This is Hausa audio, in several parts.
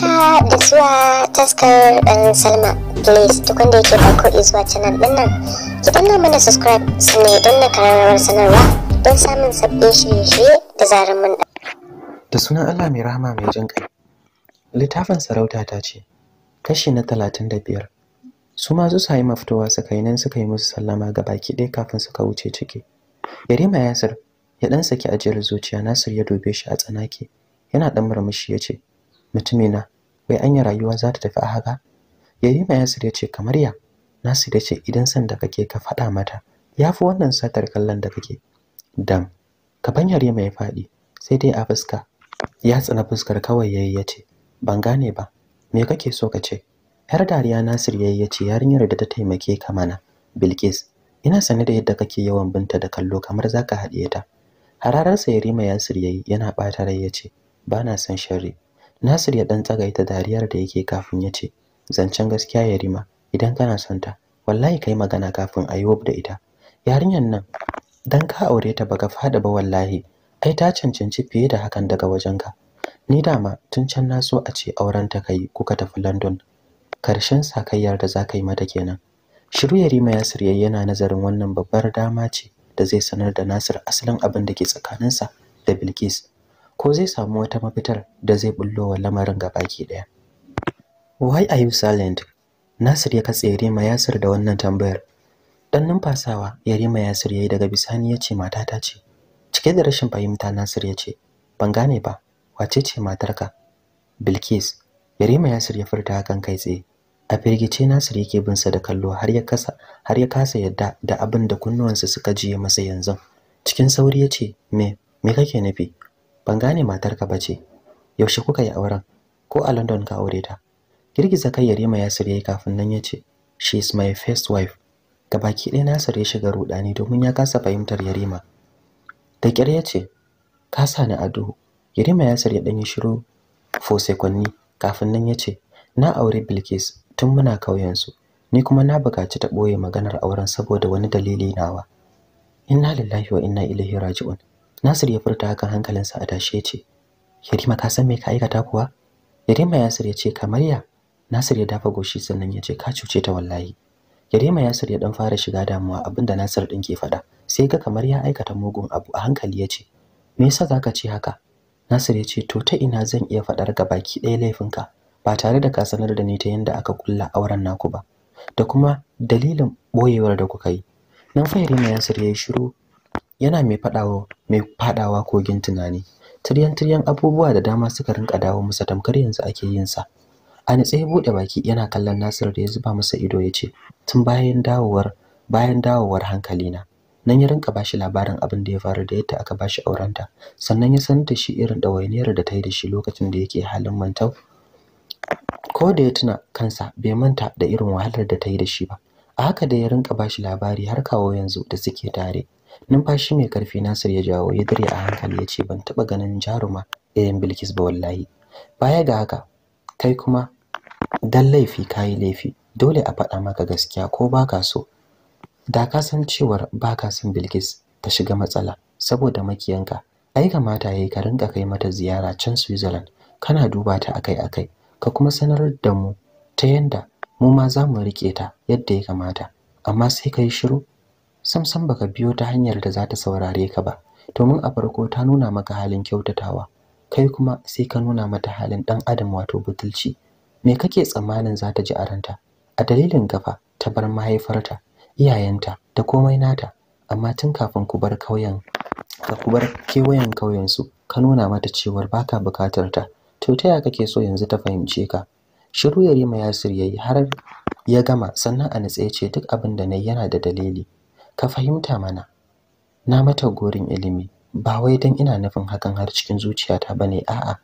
haka ah, da zuwa taskar ɗan um, salma please duk wanda yake farko izuwa canal ɗin nan ki danna mana subscribe sannan don na kararrawar sanarwa don samun sabbin shirye-shirye da zarar mun da da sunan allah mai rahama mai jin kai littafin sarauta ta ce kashi na talatin da biyar su ma su yi mafitowa suka yi nan suka yi musu sallama ga baki ɗaya kafin suka wuce ciki yarima yasir ya ɗan saki ajiyar zuciya nasir ya dobe shi a tsanake yana ɗan murmushi ya ce mutumina wai anya rayuwa za ta tafi a haka yarima yasir ya ce kamar ya nasu da ce idan san da kake ka faɗa mata yafi wannan satar kallon da kake dam kaban yarima ya faɗi sai dai a fuska ya tsana fuskar kawai yayi ya ce ban gane ba me kake so ka ce yar dariya nasir yayi ya ce yarinyar da ta taimake ka mana bilkis ina sane da yadda kake yawan binta da kallo kamar zaka haɗiye ta Harararsa yarima yasir yayi yana bata rai ya ce ba na son sharri Nasir ya dan tsagaita dariyar da yake kafin ya ce zancen gaskiya Yarima idan kana son ta wallahi kai magana kafin a yi da ita yarinyar nan dan ka aure ta baka fada ba wallahi ai ta cancanci fiye da hakan daga wajen ka. ni dama tun can na so a ce auren ta kai kuka tafi London karshen sakayyar da za ka yi mata kenan shiru Yarima ya sirye yana nazarin wannan babbar dama ce da zai sanar da Nasir asalin abin da ke tsakaninsa da Bilkis ko zai samu wata mafitar da zai bullo wa lamarin gabaki daya why are you silent nasir ya katse rima yasir da wannan tambayar dan numfasawa ya rima yasir yayi daga bisani ya ce matata ce cike da rashin fahimta nasir ya ce ban gane ba wace ce matarka bilkis yarima yasir ya furta hakan kai tsaye a firgice Nasir yake bin sa da kallo har ya kasa har ya kasa yadda da abin da kunnuwansa suka jiye masa yanzu cikin sauri yace me me kake nufi ban gane matarka ba ce yaushe kuka yi auren ko a london ka aure ta girgiza kai yarima yasir yayi kafin nan ya ce she is my first wife baki ɗaya nasir ya shiga rudani domin ya kasa fahimtar yarima da kyar ya ce ka sa ni a duhu yarima yasir ya ɗanyi shiru fo sekwanni kafin nan ya ce na aure bilkis tun muna su ni kuma na bukaci ta ɓoye maganar auren saboda wani dalili nawa inna lillahi wa inna ilaihi raji'un Nasir ya furta hakan hankalinsa a tashe ya ce, Yarima ka san me ka aikata kuwa? Yarima Yasir ya ce kamar ya Nasir ya dafa goshi sannan ya ce ka cuce ta wallahi. Yarima Yasir ya dan fara shiga damuwa abinda Nasir din ke faɗa. Sai ga kamar ya aikata mugun abu a hankali ya ce, "Me yasa zaka ce haka?" Nasir ya ce, "To ta ina zan iya faɗar ga baki ɗaya laifinka ba tare da ka sanar da ni ta yanda aka kulla auren naku ba da kuma dalilin boyewar da kuka yi." Nan fa Yarima Yasir ya yi shiru yana mai faɗawa mai faɗawa kogin tunani tiryan tiryan abubuwa da dama suka rinka dawo masa tamkar yanzu ake yin sa a nitse bude buɗe baki yana kallon Nasir da ya zuba masa ido ya ce tun bayan dawowar bayan dawowar hankalina nan ya rinka bashi labarin abin da ya faru da yadda aka bashi aurenta sannan ya sanar da shi irin dawainiyar da ta yi da shi lokacin da yake halin mantau ko da ya tuna kansa bai manta da irin wahalar da ta yi da shi ba a haka da ya rinka bashi labari har kawo yanzu da suke tare numfashi mai karfi Nasir ya jawo ya dare a hankali ya ce ban taɓa ganin jaruma irin Bilkis ba wallahi baya ga haka kai kuma dan laifi ka yi laifi dole a faɗa maka gaskiya ko ba ka so da ka san cewar ka son Bilkis ta shiga matsala saboda makiyanka ai kamata yayi ka rinka kai mata ziyara can Switzerland kana duba ta akai-akai ka kuma sanar da mu ta yanda mu ma za mu rike ta yadda ya kamata amma sai ka yi shiru sam baka biyo ta hanyar da za ta saurare ka ba domin a farko ta nuna maka halin kyautatawa kai kuma sai ka nuna mata halin dan adam wato butulci me kake tsammanin za ta ji a ranta a dalilin gafa ta bar mahaifarta iyayenta da komai nata amma tun kafin ku bar kauyen ka ku bar kewayen kauyen su ka nuna mata cewar baka bukatar ta to taya kake so yanzu ta fahimce ka shiru yarima yasir yayi har ya gama sannan a natsaye ce duk abin da nayi yana da dalili ka fahimta mana na mata gorin ilimi ba wai dan ina nufin hakan har cikin zuciyata bane a'a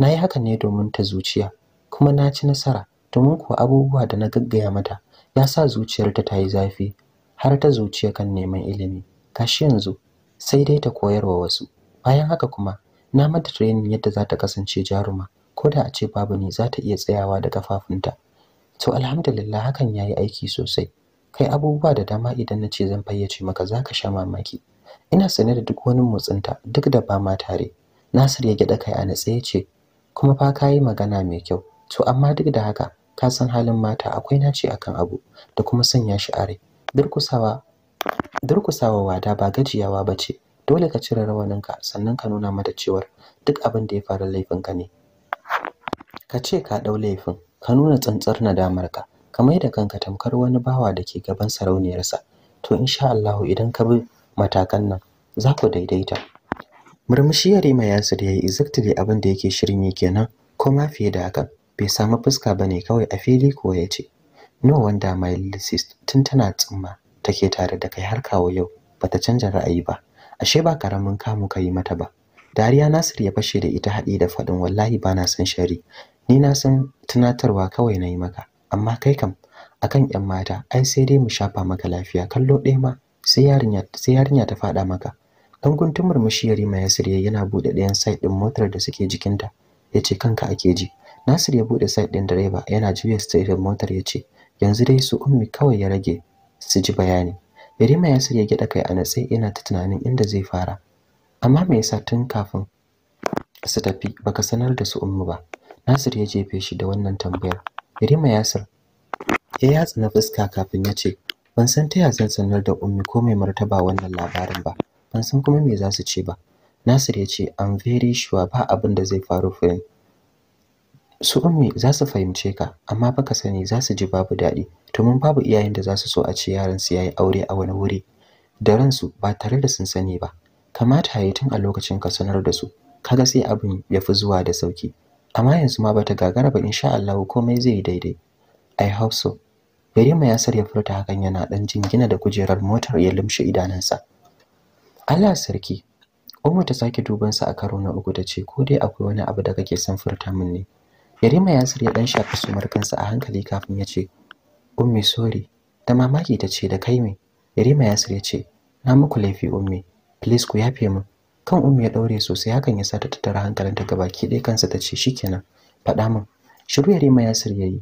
nayi yi hakan ne domin ta zuciya kuma na ci nasara domin kuwa abubuwa da na gaggaya mata ya sa zuciyarta ta yi zafi har ta zuciya kan neman ilimi kashi yanzu sai dai ta koyarwa wasu bayan haka kuma na mata training yadda za ta kasance jaruma ko da a ce babu ni za ta iya tsayawa da kafafunta to alhamdulillah hakan ya yi aiki sosai kai abubuwa da dama idan na ce zan fayyace maka zaka sha mamaki ina sane da duk wani motsinta duk da ba ma tare nasir ya gyaɗa kai a natse yace kuma fa ka magana mai kyau to amma duk da haka ka san halin mata akwai nace akan abu da kuma sanya shi are. durkusawa durkusawa wada ba gajiyawa ba ce dole ka cire rawaninka sannan ka nuna mata cewa duk abin da ya faru laifinka ne ka ce ka ɗau laifin ka nuna tsantsar ka. ka mai da kanka tamkar wani bawa da ke gaban sarauniyarsa to insha Allahu idan ka bi matakan nan za ku daidaita murmushi ya rima ya yayi exactly abin da yake shirin yi kenan ko ma fiye da haka bai samu fuska bane kawai a fili ko ya ce no wonder my little tun tana tsimma take tare da kai har kawo yau bata canja ra'ayi ba ashe ba karamin kamu ka yi mata ba dariya nasir ya fashe da ita haɗi da faɗin wallahi bana san shari ni na san tunatarwa kawai na yi maka amma kai kam akan yan mata ai sai dai mu shafa maka lafiya kallo ɗaya ma sai yarinya sai yarinya ta faɗa maka dan guntun murmushi Yarima ya sirye yana bude ɗayan side din motar da suke jikinta yace kanka ake ji Nasir ya bude side din direba yana juya steering motar yace yanzu dai su ummi kawai ya rage su ji bayani Yarima ya sirye gida kai a natse yana ta tunanin inda zai fara amma me yasa tun kafin su tafi baka sanar da su ummi ba Nasir ya jefe shi da wannan tambayar Rima Yasir ya yatsa na fuska kafin ya ce ban san ta ya zan sanar da ummi ko mai martaba wannan labarin ba ban san kuma me za su ce ba Nasir ya ce I'm very sure ba abin da zai faru firin su ummi za su fahimce ka amma baka sani za su ji babu daɗi domin babu iyayen da za su so a ce yaron su yayi aure a wani wuri da ransu ba tare da sun sani ba kamata yayi tun a lokacin ka sanar da su kaga sai abin ya fi zuwa da sauki amma yanzu ma bata gagara ba insha Allah komai zai yi daidai i hope so yasar ya sarya furta hakan yana dan jingina da kujerar motar ya lumshe idanunsa Allah sarki Ummu ta sake duban sa a karo na uku ta ce ko dai akwai wani abu da kake son furta min ne Yarima ya sarya dan shafa sumar kansa a hankali kafin ya ce Ummi sorry da mamaki ta ce da kai me Yarima ya sarya ce na muku laifi ummi please ku yafe min kan ummi ya daure sosai hakan ya sa ta tattara hankalinta gabaki ɗaya kansa ta ce shikenan faɗa min shiru ya rima yasir yayi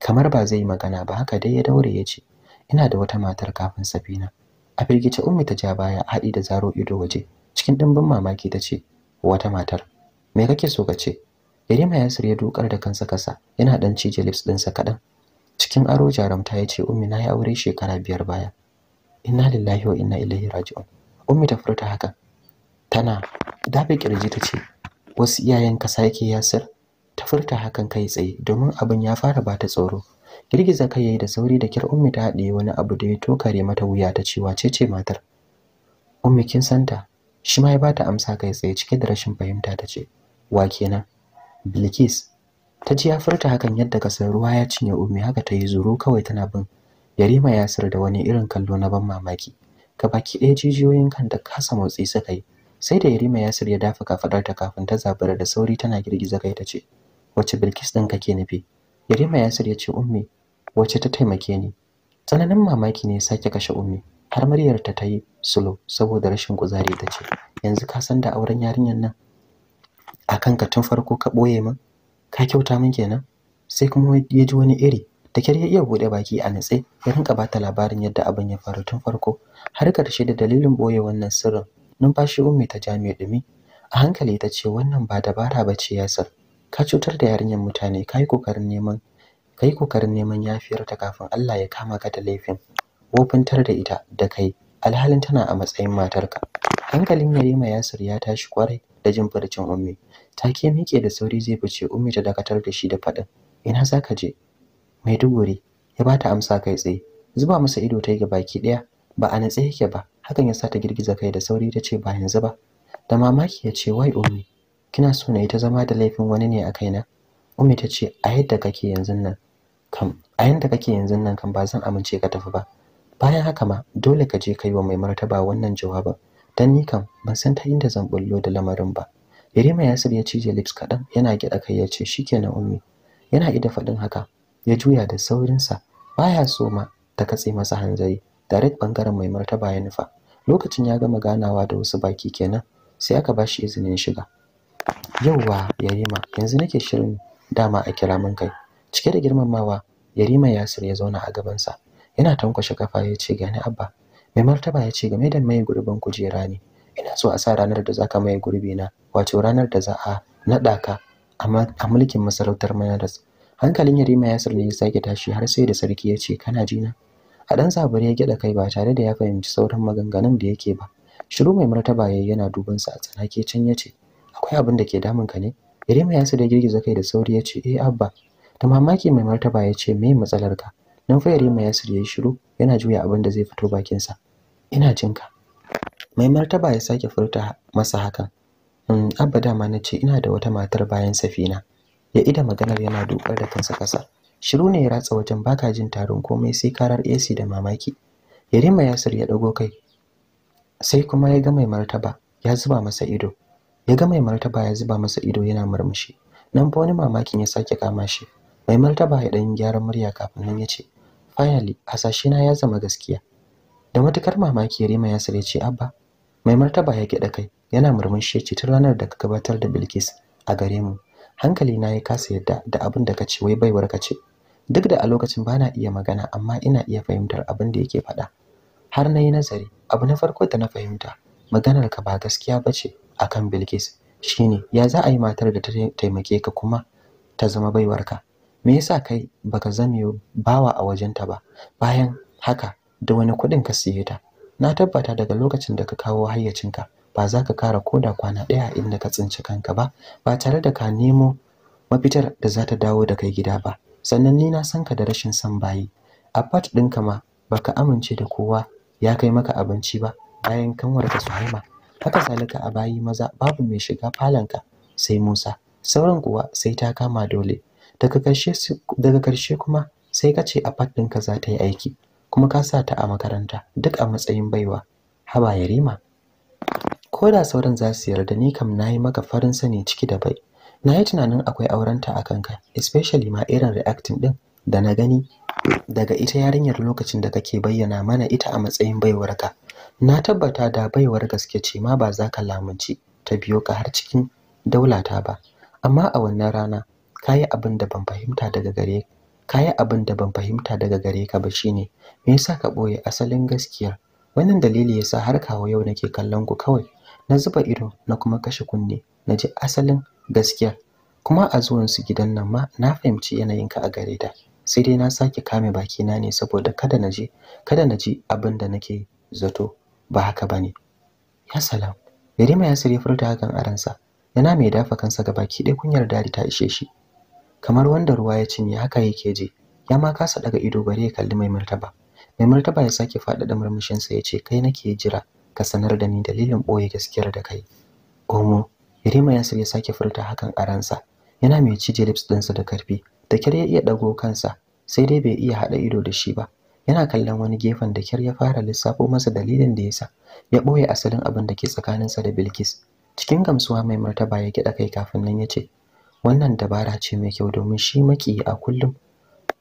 kamar ba zai magana ba haka dai ya daure ya ce ina da wata matar kafin safina a firgice ummi ta ja baya haɗi da zaro ido waje cikin ɗimbin mamaki ta ce wata matar me kake so ka ce yarima yasir ya dokar da kansa kasa yana dan cije lips ɗinsa kaɗan cikin aro jaramta ya ce ummi na yi aure shekara biyar baya inna lillahi wa inna ilaihi raji'un ummi ta furta haka tana dafe kirji ta ce wasu iyayen ka sake yasir ta furta hakan kai tsaye domin abin ya fara ba ta tsoro girgiza kai yayi da sauri da kyar ummi ta haɗe wani abu da ya tokare mata wuya ta ce wace ce matar ummi kin santa shi ma ya ta amsa kai tsaye cike da rashin fahimta ta ce wa kenan bilkis ta ji ya furta hakan yadda kasar ruwa ya cinye ummi haka ta yi zuru kawai tana bin yarima yasir da wani irin kallo na ban mamaki gabaki ɗaya jijiyoyin kanta kasa motsi suka yi sai da Yarima ya ya dafa kafadarta kafin ta zabura da sauri tana girgiza kai ta ce wace Bilkis din kake nufi Yarima ya ya ce ummi wace ta taimake ni tsananin mamaki ne ya sake kashe ummi har muryar ta tayi sulo saboda rashin kuzari ta ce yanzu ka san da auren yarinyar nan akan ka tun farko ka boye min ka kyauta min kenan sai kuma ya ji wani iri da kyar ya iya bude baki a natse ya rinka bata labarin yadda abin ya faru tun farko har karshe da dalilin boye wannan sirrin numfashi ummi ta ja mai dumi a hankali ta ce wannan ba dabara ba ce yasir ka cutar da yarinyar mutane ka yi kokarin neman ka kokarin neman yafiyar ta kafin Allah ya kama ka da laifin wofintar da ita da kai alhalin tana a matsayin matarka hankalin Yarima Yasir ya tashi kwarai da jin furcin ummi take miƙe da sauri zai fice ummi ta dakatar da shi da faɗin ina zaka je Maiduguri ya bata amsa kai tsaye zuba masa ido ta yi baki ɗaya ba a natse yake ba hakan ya sa ta girgiza kai da sauri tace ce ba yanzu ba da mamaki ya ce wai ummi kina so na yi ta zama da laifin wani ne a kaina ummi tace ce a yadda kake yanzu nan kam a yanda kake yanzu nan kan ba zan amince ka tafi ba bayan haka ma dole ka je kai wa mai martaba wannan jawabin dan ni kam ban san ta inda zan bullo da lamarin ba Yarima Yasir ya cije lips kaɗan yana gida kai ya ce shikenan ummi yana ida faɗin haka ya juya da saurinsa baya so ma ta katse masa hanzari direct bangaren mai martaba ya nufa lokacin ya gama ganawa da wasu baki kenan sai aka ba shi izinin shiga yauwa yarima yanzu nake shirin dama a kira min kai cike da girmamawa yarima yasir ya zauna a gabansa yana tankwashe kafa ya ce gani abba mai martaba ya ce game da mai gurbin kujera ne ina so a sa ranar da zaka mai gurbi na wato ranar da za a naɗa ka a mulkin masarautar manaras hankalin yarima ya ne ya sake tashi har sai da sarki ya ce kana jina a dan sabar ya gida kai ba tare da ya fahimci sauran maganganun da yake ba shiru mai martaba yayi yana duban sa a tsanake can yace akwai abin da ke damun ka ne Irima ya da girgiza kai da sauri yace eh abba ta mamaki mai martaba ya ce me matsalar ka nan fa Irima ya yayi shiru yana juya abin da zai fito bakin sa ina ka. mai martaba ya sake furta masa hakan um abba dama na ce ina da wata matar bayan safina ya ida maganar yana dokar da kansa kasa shiru ne ya ratsa wajen baka jin tarin komai sai karar AC da mamaki Yarima Yasir ya dago kai sai kuma ya ga mai martaba ya zuba masa ido ya ga mai martaba ya zuba masa ido yana murmushi nan fa wani mamakin ya sake kama shi mai martaba ya dan gyaran murya kafin nan ya ce finally hasashe na ya zama gaskiya da matukar mamaki Yarima Yasir ya ce abba mai martaba ya gida kai yana murmushi ya ce tun ranar da ka gabatar da Bilkis a gare mu hankali na ya kasa yadda da abin da ka ce wai baiwar ka ce duk da a lokacin ba na iya magana amma ina iya fahimtar abin da yake faɗa har na yi nazari abu na farko da na fahimta maganar ka ba gaskiya ba ce a kan bilkis shine ya za a yi matar da ta taimake ka kuma ta zama baiwarka me yasa kai baka zame bawa a wajenta ba bayan haka da wani kuɗin ka siye ta na tabbata daga lokacin da ka kawo hayyacinka ba za ka kara koda kwana ɗaya inda ka tsinci kanka ba ba tare da ka nemo mafitar da za ta dawo da kai gida ba sannan ni na san ka da rashin san bayi a part ɗinka ma baka amince da kowa ya kai maka abinci ba bayan su haima. haka salika a bayi maza babu mai shiga ka sai Musa sauran kuwa sai ta kama dole daga karshe daga karshe kuma sai ka ce a part ɗinka za ta yi aiki kuma ka sa ta a makaranta duk a matsayin baiwa haba yarima ko da sauran za su yarda ni kam nayi maka farin sani ciki da bai na yi tunanin akwai aurenta a kanka especially ma irin reacting din da na gani daga ita yarinyar lokacin da kake bayyana mana ita a matsayin baiwarka na tabbata da baiwar gaske ce ma ba za ka lamunci ta biyo ka har cikin daulata ba amma a wannan rana kayi abin da ban fahimta daga gare kayi abin da ban fahimta daga gare ka ba shine me yasa ka boye asalin gaskiya? wannan dalili yasa har kawo yau nake kallon ku kawai na zuba ido na kuma kashe kunne na ji asalin gaskiya kuma a zuwan su gidan nan ma na fahimci yanayin ka a gare ta sai dai na sake kame baki na ne saboda kada na je kada na ji abin da nake zato ba haka bane ya salam yarima ya sare furta hakan a yana mai dafa kansa ga baki ɗaya kunyar dadi ta ishe shi kamar wanda ruwa ya cinye haka yake je ya ma kasa daga ido bare ya kalli mai martaba mai martaba ya sake faɗaɗa murmushinsa ya ce kai nake jira ka sanar da ni dalilin ɓoye gaskiyar da kai omo Irima ya ya sake furta hakan a ransa. Yana mai cije lips ɗinsa da karfi, da kyar ya iya ɗago kansa, sai dai bai iya haɗa ido da shi ba. Yana kallon wani gefen da kyar ya fara lissafo masa dalilin da yasa ya ɓoye asalin abin da ke tsakaninsa da Bilkis. Cikin gamsuwa mai martaba ya kiɗa kai kafin nan ya ce, Wannan dabara ce mai kyau domin shi maki a kullum.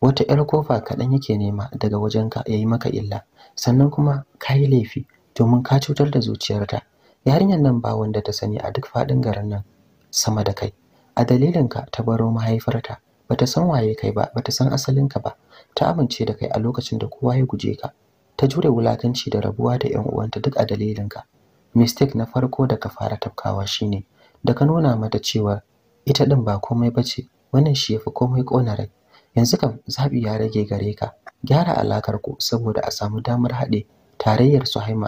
Wata ƴar kofa kaɗan yake nema daga wajenka ya yi maka illa, sannan kuma ka yi laifi domin ka cutar da zuciyarta. yarinyar nan ba wanda ta sani a duk faɗin garin nan sama da kai a dalilinka ta baro mahaifarta bata san waye kai ba bata san asalinka ba ta amince da kai a lokacin da kowa ya guje ka ta jure wulakanci da rabuwa da ƴan uwanta duk a dalilin ka. mistake na farko da ka fara tafkawa shine da ka nuna mata cewa ita din ba komai bace wannan shi yafi komai kona rai yanzu kam zabi ya rage gare ka gyara alakar ku saboda a samu damar haɗe tarayyar Suhaima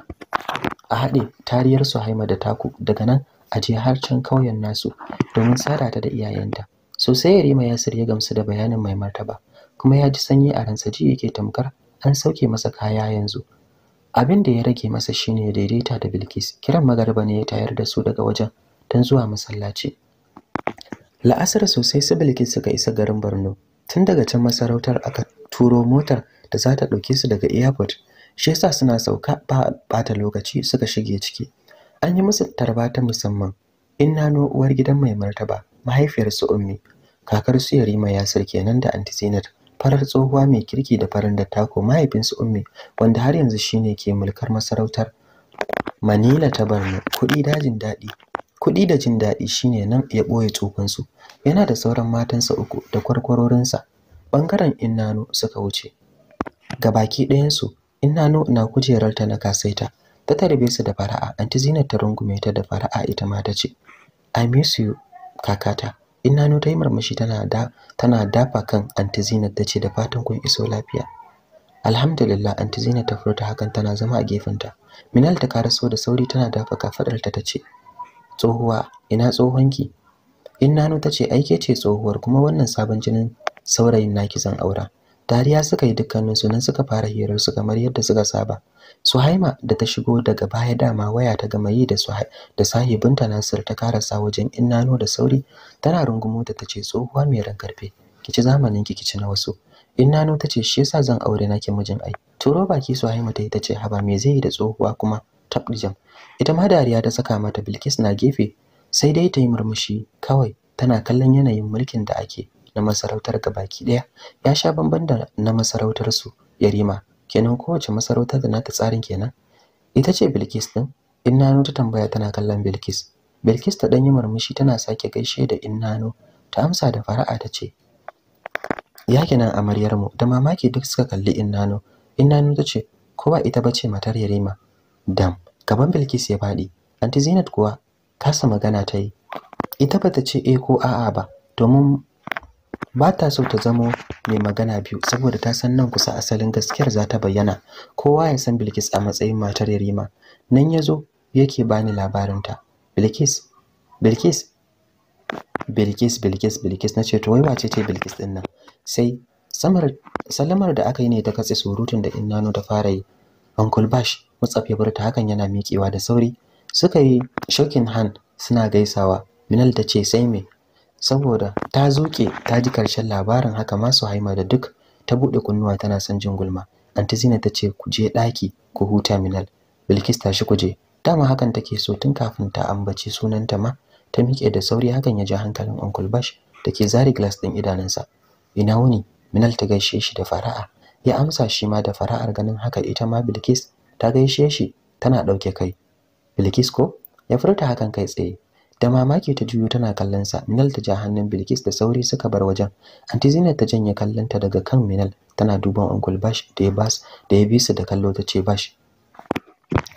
a haɗe tariyar Suhaima da taku daga nan a je har can ƙauyen nasu domin tsara da iyayenta sosai Yarima ya ya gamsu da bayanin mai martaba kuma ya ji sanyi a ransa ji yake tamkar an sauke masa kaya yanzu abin da ya rage masa shine daidaita da Bilkis kiran magarba ne ya tayar da su daga wajen don zuwa masallaci la'asar sosai su Bilkis suka isa garin Borno tun daga can masarautar aka turo motar da za ta ɗauke su daga airport shi yasa suna sauka ba bata lokaci suka shige ciki an yi musu tarba ta musamman in nano uwar gidan mai martaba mahaifiyar su ummi kakar su yarima ya yasir nan da anti zinat farar tsohuwa mai kirki da farin dattako mahaifin su ummi wanda har yanzu shine ke mulkar masarautar manila ta barno kuɗi dajin daɗi kuɗi da jin daɗi shine nan ya ɓoye tsofinsu yana da sauran matansa uku da kwarkwarorinsa ɓangaren innano suka wuce Ga gabaki ɗayansu in nano na kujerarta na kasaita ta tarbe su da fara'a anti Zinat ta rungume ta da fara'a ita ma ta ce I miss you kakata in nano ta yi murmushi tana da tana dafa kan anti Zinat ta ce da fatan kun iso lafiya Alhamdulillah anti Zinat ta furta hakan tana zama a gefen ta. Minal ta karaso da sauri tana dafa kafadarta ta ce tsohuwa ina tsohonki in nanu ta ce aike ce tsohuwar kuma wannan sabon jinin saurayin naki zan aura dariya suka yi su nan suka fara hirar su kamar yadda suka saba suhaima da ta shigo daga baya dama waya ta gama yi da sahibinta nasir ta karasa wajen innano da sauri tana rungumo ta tace tsohuwa mai ran karfe kici zamanin ki kici na wasu innano ce shi yasa zan aure naki mijin ai turo baki suhaima ta yi ta ce haba me zai yi da tsohuwa kuma tabdijam ita ma dariya ta saka mata bilkis na gefe sai dai ta yi murmushi kawai tana kallon yanayin mulkin da ake na masarautar gabaki daya ya sha bamban da na masarautar su yarima kenan kowace masarautar da nata tsarin kenan ita ce Bilkis din Innano ta tambaya tana kallon Bilkis Bilkis ta danyi murmushi tana sake gaishe da Innano ta amsa da fara'a ta ce ya kenan amaryar mu da mamaki duk suka kalli Innano Innano ta ce ko ba ita bace matar yarima dam gaban Bilkis ya fadi Anti Zinat kuwa kasa magana ta yi ita ba ta ce eh ko a'a ba domin ba ta so ta zamo mai magana biyu saboda ta san nan kusa asalin gaskiyar za ta bayyana kowa ya san Bilkis a matsayin matar Yarima nan ya zo yake bani labarinta Bilkis Bilkis Bilkis Bilkis Bilkis na ce to wai wace ce Bilkis din nan sai samar salamar da aka yi ne ta katse surutun da Innano ta fara yi Uncle Bash mutsaf ya bar hakan yana miƙewa da sauri suka yi shaking hand suna gaisawa Minal ta ce sai me saboda ta zuke ta ji karshen labarin haka ma su haima da duk ta buɗe kunnuwa tana son jin gulma anti Zina ta ce ku je ɗaki ku huta minal Bilkis tashi ku je dama hakan take so tun kafin ta ambaci sunanta ma ta miƙe da sauri hakan ya ji hankalin Uncle Bash da zari glass ɗin idanunsa ina wuni minal ta gaishe shi da fara'a ya amsa shi ma da fara'ar ganin haka ita ma Bilkis ta gaishe shi tana dauke kai Bilkis ko ya furta hakan kai tsaye da mamaki ta juyo tana kallon sa Minal ta ja hannun Bilkis da sauri suka bar wajen Anti zainab ta janye kallonta daga kan Minal tana duban Uncle Bash da ya bas da ya bisa da kallo ta ce Bash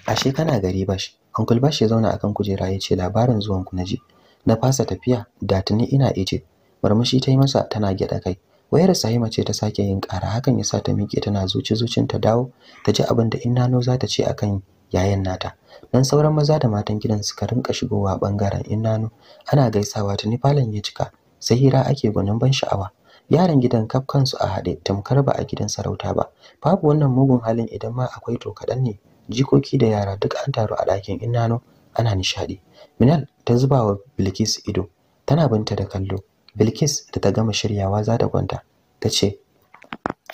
ashe kana gari Bash Uncle Bash ya zauna akan kujera ya ce labarin zuwan ku naji na fasa tafiya da tuni ina Egypt murmushi ta yi masa tana gyada kai wayar Sahima ce ta sake yin ƙara hakan yasa ta miƙe tana zuci zucin ta dawo ta ji abin da Innano za ta ce akan yayan nata dan sauran maza da matan gidan suka rinka shigowa bangaren innanu ana gaisawa tuni falon ya cika sai hira ake gwanin ban sha'awa yaran gidan kaf kansu a haɗe tamkar ba a gidan sarauta ba babu wannan mugun halin idan ma akwai to kaɗan ne jikoki da yara duk an taru a ɗakin innano ana nishaɗi minal ta zuba wa bilkis ido tana binta da kallo bilkis da ta gama shiryawa za ta kwanta ta ce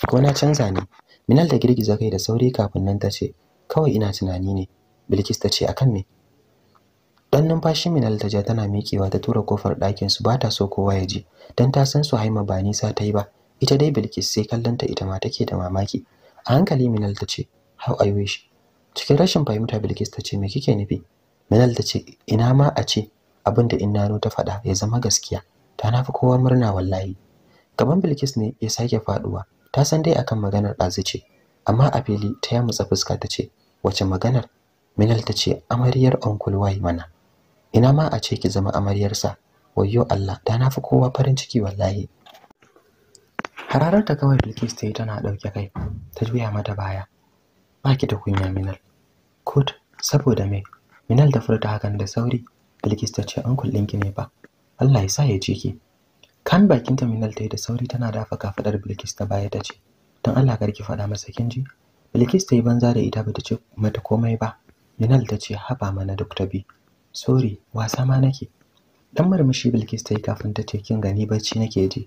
ko na canza ne minal da girgiza kai da sauri kafin nan ta ce kawai ina tunani ne bilkis ta ce akan me dan numfashi minal ta ja tana mikewa ta tura kofar ɗakin su bata so kowa ya ji dan ta san su haima ba nisa ta yi ba ita dai bilkis sai kallonta ita ma take da mamaki a hankali minal ta ce how i wish cikin rashin fahimta bilkis ta ce me kike nufi minal ta ce ina ma a ce abin da innano ta faɗa ya zama gaskiya ta nafi kowa murna wallahi gaban bilkis ne ya sake faɗuwa ta san dai akan maganar ɗazu ce amma a fili ta yamutsa fuska ta ce wace maganar minal ta ce amaryar uncle wai mana ina ma a ce ki zama amaryar sa? wayyo Allah da na fi kowa farin ciki wallahi hararar ta kawai Bilkis ta yi tana dauke kai ta juya mata baya baki da kunya minal kut saboda me minal da furta hakan da sauri Bilkis ta ce uncle ɗinki ne ba Allah ya sa ya ji ki kan bakinta minal ta yi da sauri tana dafa kafadar Bilkis ta baya ta ce don Allah kar ki faɗa masa kin ji Bilkis ta banza da ita bata ce mata komai ba Minal ta ce haba mana Dr. B sorry wasa ma nake dan murmushi Bilkis ta kafin ta ce kin gani bacci nake ji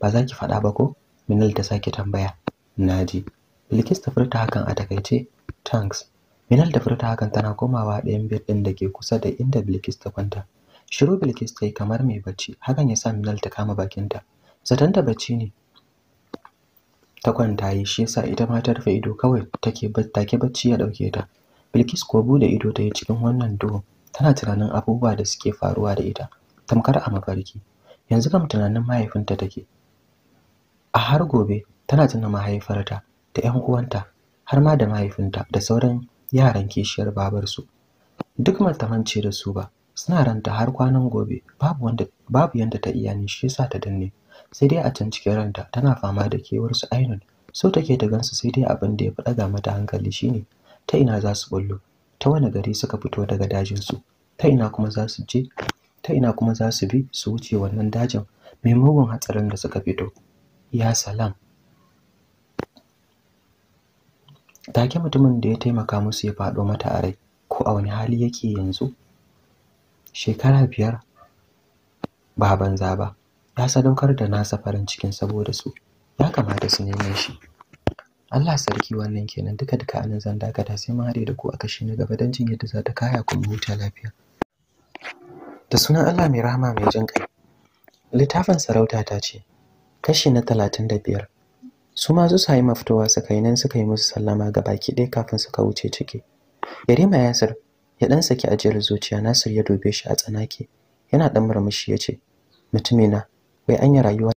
ba za ki faɗa ba ko Minal ta sake tambaya naji Bilkis ta furta hakan a takaice thanks Minal ta furta hakan tana komawa ɗayan bed ɗin da ke kusa da inda Bilkis ta kwanta. Shiru Bilkis ta kamar mai bacci, hakan ya sa Minal ta kama bakinta. Zatanta bacci ne, ta kwanta yi shi yasa ita ma ta rufe ido kawai take take bacci ya dauke ta Bilkis ko bude ido ta yi cikin wannan duhu tana tunanin abubuwa da suke faruwa da ita tamkar a mafarki yanzu kam tunanin mahaifinta take a har gobe tana tuna mahaifarta da 'yan uwanta har ma da mahaifinta da sauran yaran kishiyar babarsu duk matamanci da su ba suna ranta har kwanan gobe babu wanda babu yanda ta iya ni shi yasa ta danne sai dai a can cikin ranta tana fama da kewar su ainun so take da gansu sai dai abin da ya fi ɗaga mata hankali shine ta ina za su bullo ta wani gari suka fito daga dajin su ta ina kuma za su je ta ina kuma za su bi su wuce wannan dajin mai mugun hatsarin da suka fito ya salam take mutumin da ya taimaka musu ya faɗo mata a rai ko a wani hali yake yanzu shekara biyar ba banza ba ya sadaukar da nasa farin cikin saboda su ya kamata su neme shi Allah sarki wannan kenan duka duka anan zan da sai mun da ku a kashi na gaba don jin yadda za ta kaya kuma huta lafiya da sunan Allah mai rahama mai jin kai littafin sarauta ta ce kashi na talatin da biyar su ma su sayi mafitowa suka yi nan suka yi musu sallama ga baki ɗaya kafin suka wuce ciki yarima yasir ya ɗan saki ajiyar zuciya nasir ya dobe shi a tsanake yana ɗan murmushi ya ce mutumina mai anya rayuwa